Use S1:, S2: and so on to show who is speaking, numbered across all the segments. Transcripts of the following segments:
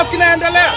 S1: kikao kinaendelea.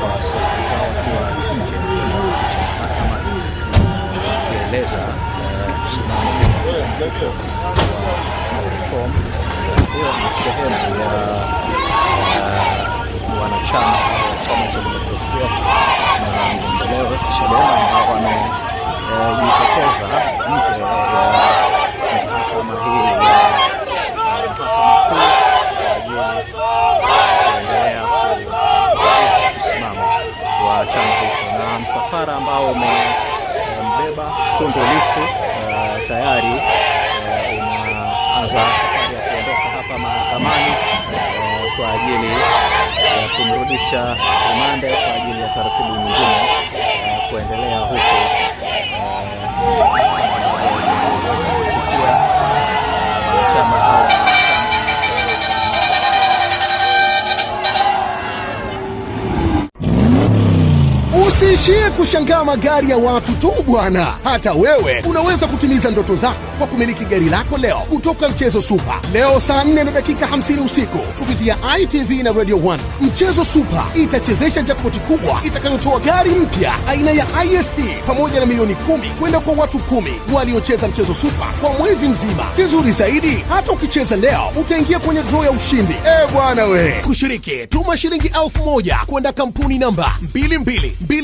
S2: Kwa sauti hiyo ni sehemu ya wanachama wa chama cha demokrasia na maendeleo CHADEMA ambao wamejitokeza nje ya mahakama hii ya kuendelea kusimama wa chama hicho na msafara ambao umembeba Tundu Lissu tayari eh, unaanza safari ya kuondoka hapa mahakamani eh, kwa ajili ya kumrudisha rumande kwa ajili ya taratibu nyingine eh, kuendelea huko uh,
S3: Usiishie kushangaa magari ya watu tu bwana, hata wewe unaweza kutimiza ndoto zako kwa kumiliki gari lako leo kutoka mchezo Super, leo saa 4 na dakika 50 usiku kupitia ITV na Radio 1. Mchezo Super itachezesha jackpoti kubwa itakayotoa gari mpya aina ya IST pamoja na milioni kumi kwenda kwa watu kumi waliocheza mchezo Super kwa mwezi mzima. Kizuri zaidi, hata ukicheza leo utaingia kwenye draw ya ushindi. E bwana we, kushiriki tuma shilingi elfu moja kwenda kampuni namba 22